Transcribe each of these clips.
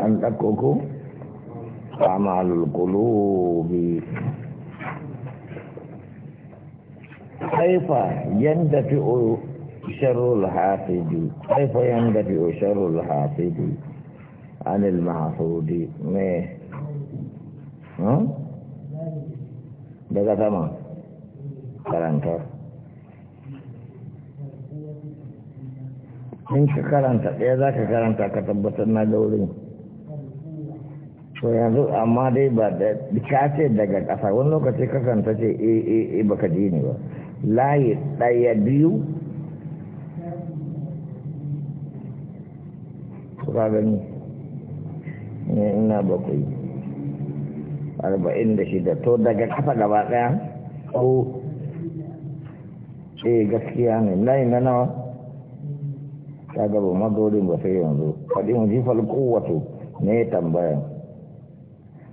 أن تكوكو أعمال القلوب كيف يندفئ شر الحاقد كيف يندفئ شر الحاقد عن المحسود ميه ها؟ ده تمام ما in ka karanta ɗaya za ka karanta ka tabbatar na da wurin to yanzu amma dai ba da ka ce daga ƙasa wani lokaci ka kanta ce e e e baka ji ne ba layi ɗaya biyu ka gani ne ina bakwai arba'in da shida to daga ƙasa gaba ɗaya ko e gaskiya ne layi na nawa ka ba madolin ba sai yanzu faɗin jifal kowato ne tambayan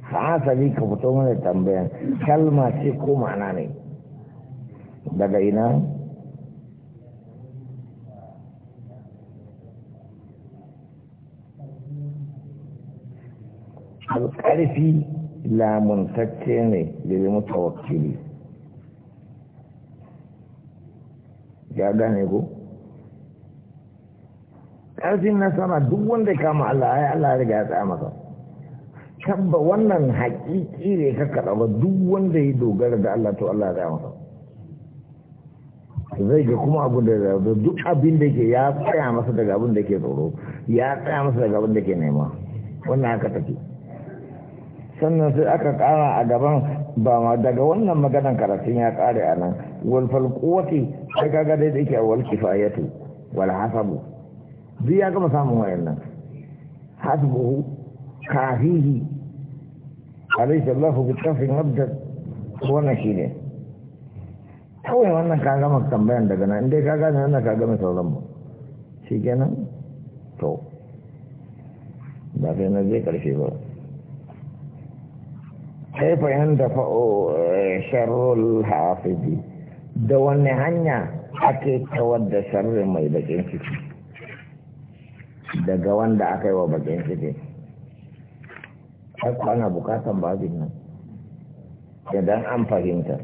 hasali ka fito mana tambayan kalma ce ko ma'ana ne daga ina alƙarfi lamuntacce ne lilimu tawakkili ya gane ko ƙarfin nasara duk wanda kama Allah ya Allah riga ya tsaya masa tabba wannan haƙiƙi ne ka kaɗa ba duk wanda ya dogara da Allah to Allah ya tsaya masa zai ga kuma abin da zaɓa duk abin da ke ya tsaya masa daga abin da ke tsoro ya tsaya masa daga abin da ke nema wannan haka tafi, sannan sai aka ƙara a gaban ba ma daga wannan maganan karatun ya ƙare a nan wal falquwati sai kaga dai da yake a walkifayatu wal hasabu duk ya gama samun wayannan hasbuhu kafihi alaysa Allahu bi fi abdan wannan ne kawai wannan ka gama tambayan daga nan indai ka gane wannan ka gama sauran mu shi kenan to ba sai na zai karshe ba sai fahimta eh, da fa'o sharrul hafizi da wani hanya ake kawar da sharrin mai bakin ciki daga wanda aka yi wa bakin ciki haka ana bukatan babin nan idan an fahimta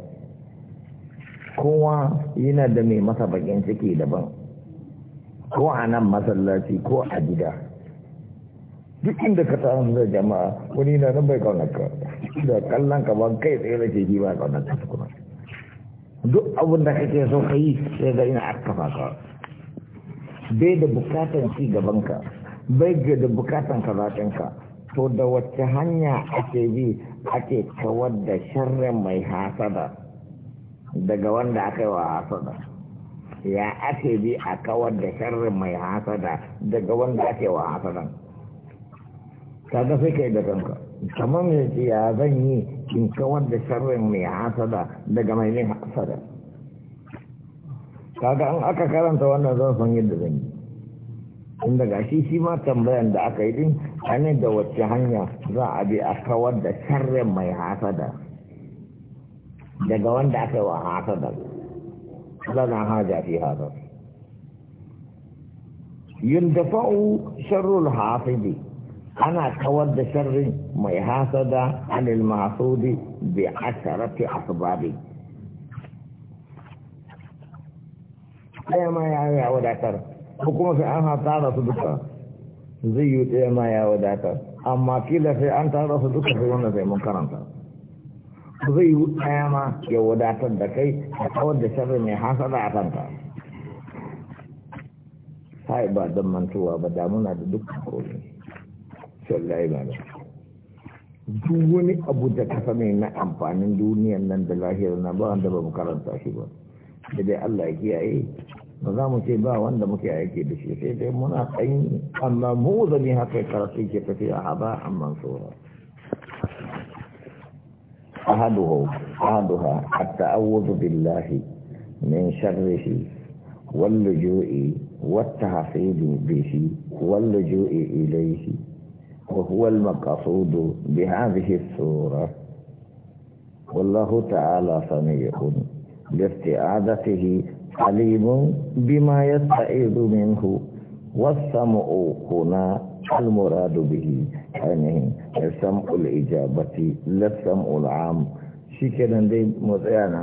kowa yana da mai masa bakin ciki daban ko a nan masallaci ko a gida duk inda ka hannu da jama'a wani na nan bai kaunarka da kallon ka ban kai tsaye da shi ba su kuma duk abin da kake so ka yi sai ga ina aka faka bai da bukatan ci gabanka bai da bukatan karatunka to da wacce hanya ake bi ake kawar da sharrin mai hasada daga wanda aka yi wa hasada ya ake bi a kawar da sharrin mai hasada daga wanda ake wa hasadan kaga sai kai da kanka kamar mai ya zan yi in kawar da sharrin mai hasada daga mai min hasada kaga an aka karanta wannan zan san yadda zan yi tun daga shi shi ma tambayan da aka yi din ne da wacce hanya za a bi a kawar da sharrin mai hasada daga wanda aka yi wa hasada lana haja fi hasada yundafa'u sharrul hasidi ana kawar da sharrin mai hasada anil masudi bi asharati asbabi ɗaya ma ya ya wadatar ko kuma sai an tara su duka zai yi ɗaya ma ya wadatar amma kila sai an tara su duka sai wanda zai mun karanta zai yi ɗaya ma ya wadatar da kai a kawar da sharri mai hasada a kanka sai ba don mantuwa ba damuna da dukkan komi sallai ba duk wani abu da kasa mai na amfanin duniyan nan da lahiyar na ba wanda ba mu karanta shi ba da dai Allah ya kiyaye نظامو تي با وند مو تي اي كي بشي تي تي مناقين اما مو ذني احدها التعوذ بالله من شره واللجوء والتحفيد به واللجوء اليه وهو المقصود بهذه السورة والله تعالى سميع لافتعادته alimun bima ya sa'i rumin hu wasa ma'aukuna almura dubi ainihin ya san ula ija ba ti lafsan ula am shi kenan dai motsaya na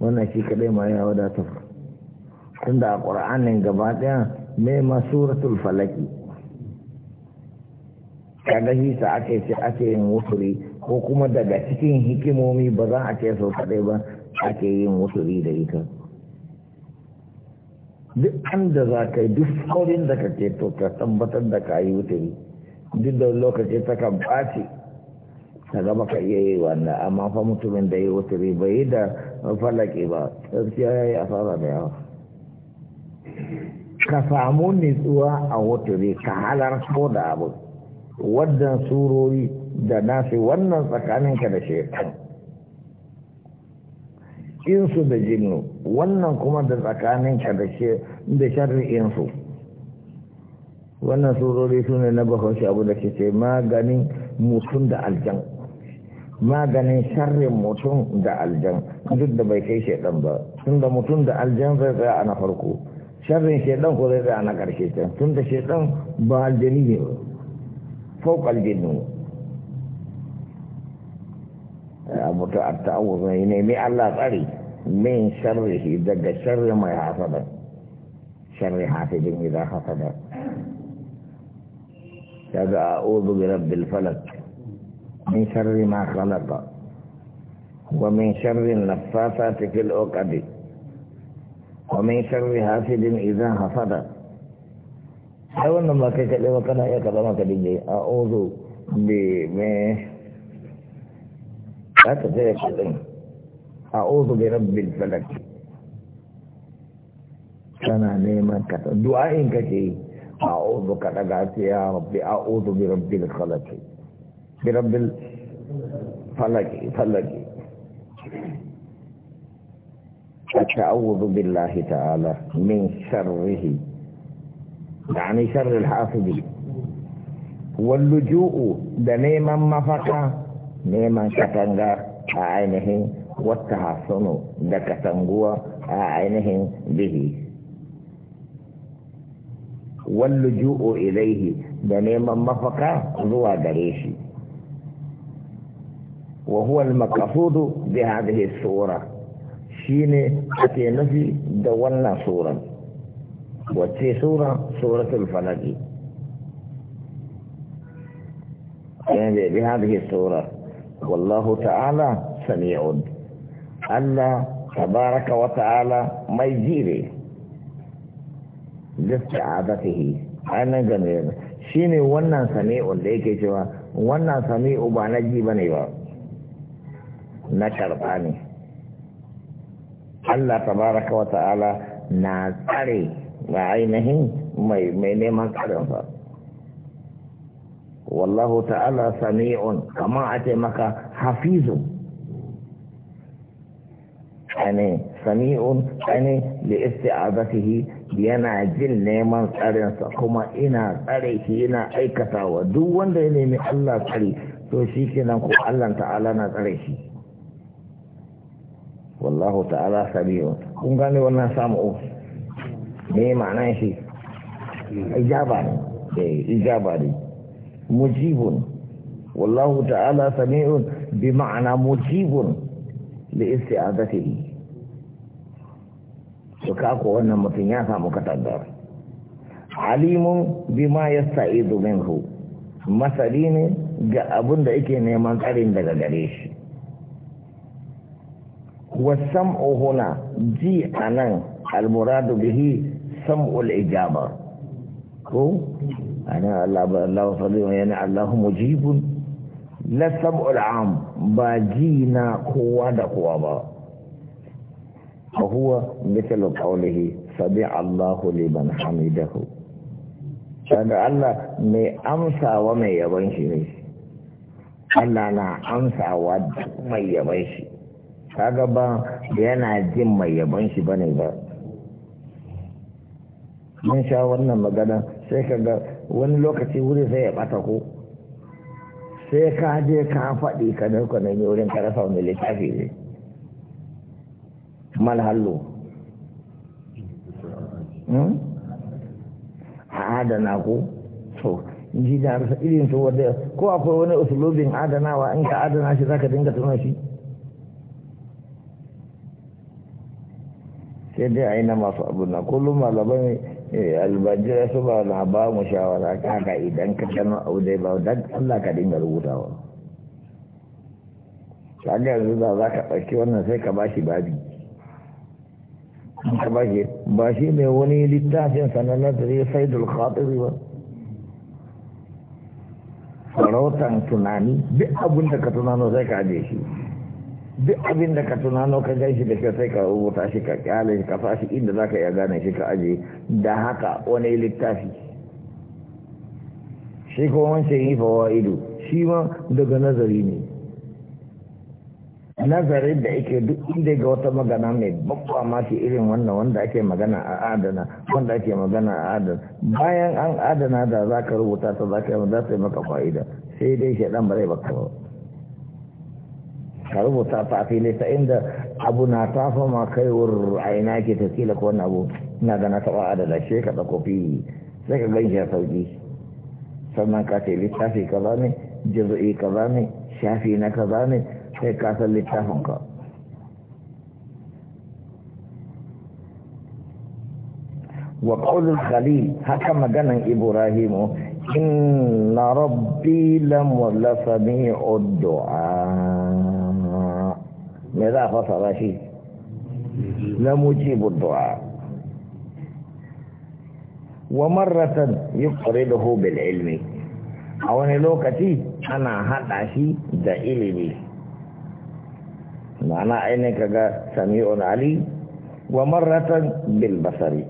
wannan shi ka ma ya wada ta fara a ƙura'anin gaba daya mai masu falaki ka ga shi ake yin wufuri ko kuma daga cikin hikimomi ba za a ce sau kadai ba ake yin wuturi da ita duk an da za ka yi duk saurin da ka ke to ka tabbatar da ka yi wuturi duk da lokaci ta kan ɓaci ta gama ka iya yi wannan amma fa mutumin da ya yi wuturi bai yi da falake ba gaskiya ya yi asara da yawa ka samu nutsuwa a wuturi ka ko da abu wadannan surori da nasi wannan tsakaninka da shekaru insu da jinnu wannan kuma da tsakaninka da shi da wannan surori su ne na bahaushe abu da ke ce maganin mutum da aljan maganin sharrin mutum da aljan duk da bai kai shaidan ba tun da mutum da aljan zai tsaya a na farko sharrin shaidan ko zai tsaya a na ƙarshe can tun da shaidan ba aljani ne ba fauk aljinnu متعوض ينمي الله تعالي من شره دق شر ما يحفظ شر حافظ إذا حفظ تبع أعوذ برب الفلك من شر ما خلق ومن شر النفاثات في الأقد ومن شر حافظ إذا حفظ أولا ما كتلي وكنا يكبر ما كتلي أعوذ بمن لا تتيقظين أعوذ برب الفلك أنا نيما كتا دعائين كتي أعوذ كتا يا ربي أعوذ برب الخلق برب الفلك فلك أتعوذ بالله تعالى من شره يعني شر الحافظ واللجوء دنيما مفقا neman katanga a ainihin wata hasunu da katanguwa a ainihin bihi wallu ju'o ilaihi da neman mafaka zuwa gare shi wa huwa al-maqsudu bi hadhihi sura shine ake nufi da wannan sura wacce sura suratul falaq يعني sura wallahu ta'ala sami'un Allah tabaraka wa ta'ala mai jire listi'adatihi anan game shine wannan sami'un da yake cewa wannan sami'u ba na ji bane ba na karba ne Allah tabaraka wa ta'ala na tsare ga ainihin mai neman tsarinsa. wallahu ta'ala sami'un kamar a ce maka hafizu ane sami'un ane da isti'azatihi yana jin neman tsarinsa kuma ina tsare shi yana aikatawa duk wanda ya nemi Allah tsare to shi kenan ko Allah ta'ala na tsare shi wallahu ta'ala sami'un kun gane wannan samu me ma'anar shi ijaba ne eh, ijaba ne mujibun wallahu ta'ala sami'un bi ma'ana mujibun li isti'adatihi to ka ko wannan mutum ya samu katabbar alimun bima yasta'idu minhu masali ne ga abun da yake neman tsarin daga gare shi wasan ohuna ji a nan almuradu bihi sam'ul ijaba ko ana Allah ba Allah fadi wa yana Allah mujibun la sab'ul am ba ji na kowa da kowa ba fa huwa mithlu qawlihi sabi Allahu liman hamidahu kaga Allah mai amsawa mai yabon shi ne Allah na amsawa mai yabon shi kaga ba yana jin mai yabon shi bane ba mun sha wannan magana sai kaga wani lokaci wuri sai ya bata ko sai ka je ka faɗi ka nuka na yi wurin ka wani littafi ne mal hallo hmm? a adana ko to ji da harsa irin su wadda ko akwai wani usulubin adanawa in ka adana shi zaka dinga tuna shi sai dai a yi na masu abu na kullum malabai Eh, albajirai su ba na ba mu shawara kaka idan ka gano a dai ba dan Allah ka dinga rubutawa kaga yanzu da za ka ɗauki wannan sai ka bashi babi ka bashi ba shi mai wani littafin sananar da zai sai dulkhatiri ba farautan tunani duk abin da ka tunano sai ka ajiye shi duk abin da ka tunano ka gan shi da kyau sai ka rubuta shi ka kyale shi ka shi inda za ka iya gane shi ka aje da haka wani littafi shi ko wance yi fawa ido shi ma daga nazari ne nazarin da ake duk inda ga wata magana mai babba ma shi irin wannan wanda ake magana a adana wanda ake magana a adana bayan an adana da za ka rubuta ta za ka yi maka fa'ida sai dai shaɗan ba zai baka ba شعروف وتعطعتي ليس عند أبو نعطاف وما خير عيناك تسيلك وان أبو ماذا نتوى على الشيخ أبقوا فيه سيكا بينجا سوجي فمن كاتي لتافي كظامي جزئي كظامي شافينا كظامي سيكا سلتافنك وقول الخليل حكم جنا إبراهيم إن ربي لم ولا سميع الدعاء me za a fasara shi na muci budduwa wa marratan yuqriduhu bil ilmi a wani lokaci ana haɗa shi da ilimi ma'ana ainihin kaga sami'un ali wa marratan bil basari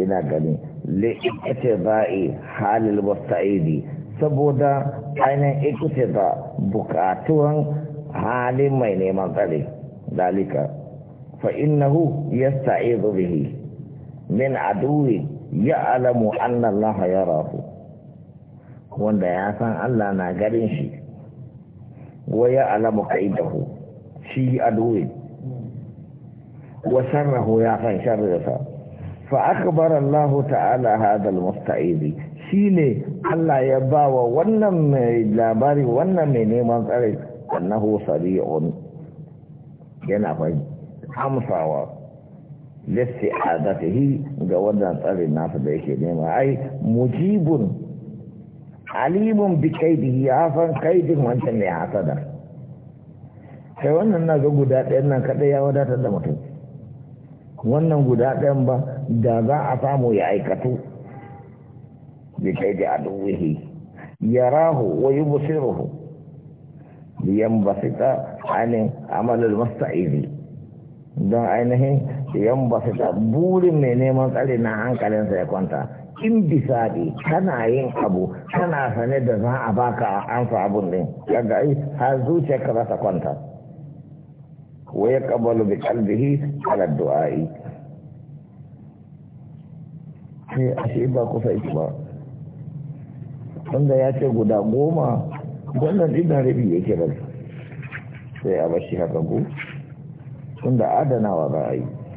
ina gani likita ba'i halil wasta'idi saboda ainihin ikita da bukatuwan halin mai neman tsare dalika fa innahu yasta'izu bihi min aduwi ya'lamu anna Allah yarahu wanda ya san Allah na garin shi wa ya'lamu kaidahu shi aduwi wa sharrahu ya san sharrinsa fa akbara Allah ta'ala hadha al Shi ne Allah ya ba wa wannan mai labari wannan mai neman tsare annahu sari'un yana fa amsawa lissi adatihi ga wannan tsarin nasa da yake nema ai mujibun alimun bi kaidi ya san kaidin wancan ya hasada sai wannan na ga guda ɗayan nan kaɗai ya wadatar da mutum wannan guda ɗayan ba da za a samu ya aikatu bi kaidi aduwihi yarahu wa yubsiruhu liyan basita ainihin amalul masta'izi don ainihin liyan basita burin mai neman tsari na hankalinsa ya kwanta in bisa ne kana yin abu kana sane da za a baka amsa abun din daga yi har zuciyarka za ta kwanta wa ya kabalu bi kalbihi ala du'a'i sai ashe ba kusa ba wanda ya ce guda goma wannan din da rabi yake ba sai a bashi haka ku tunda adanawa ba a yi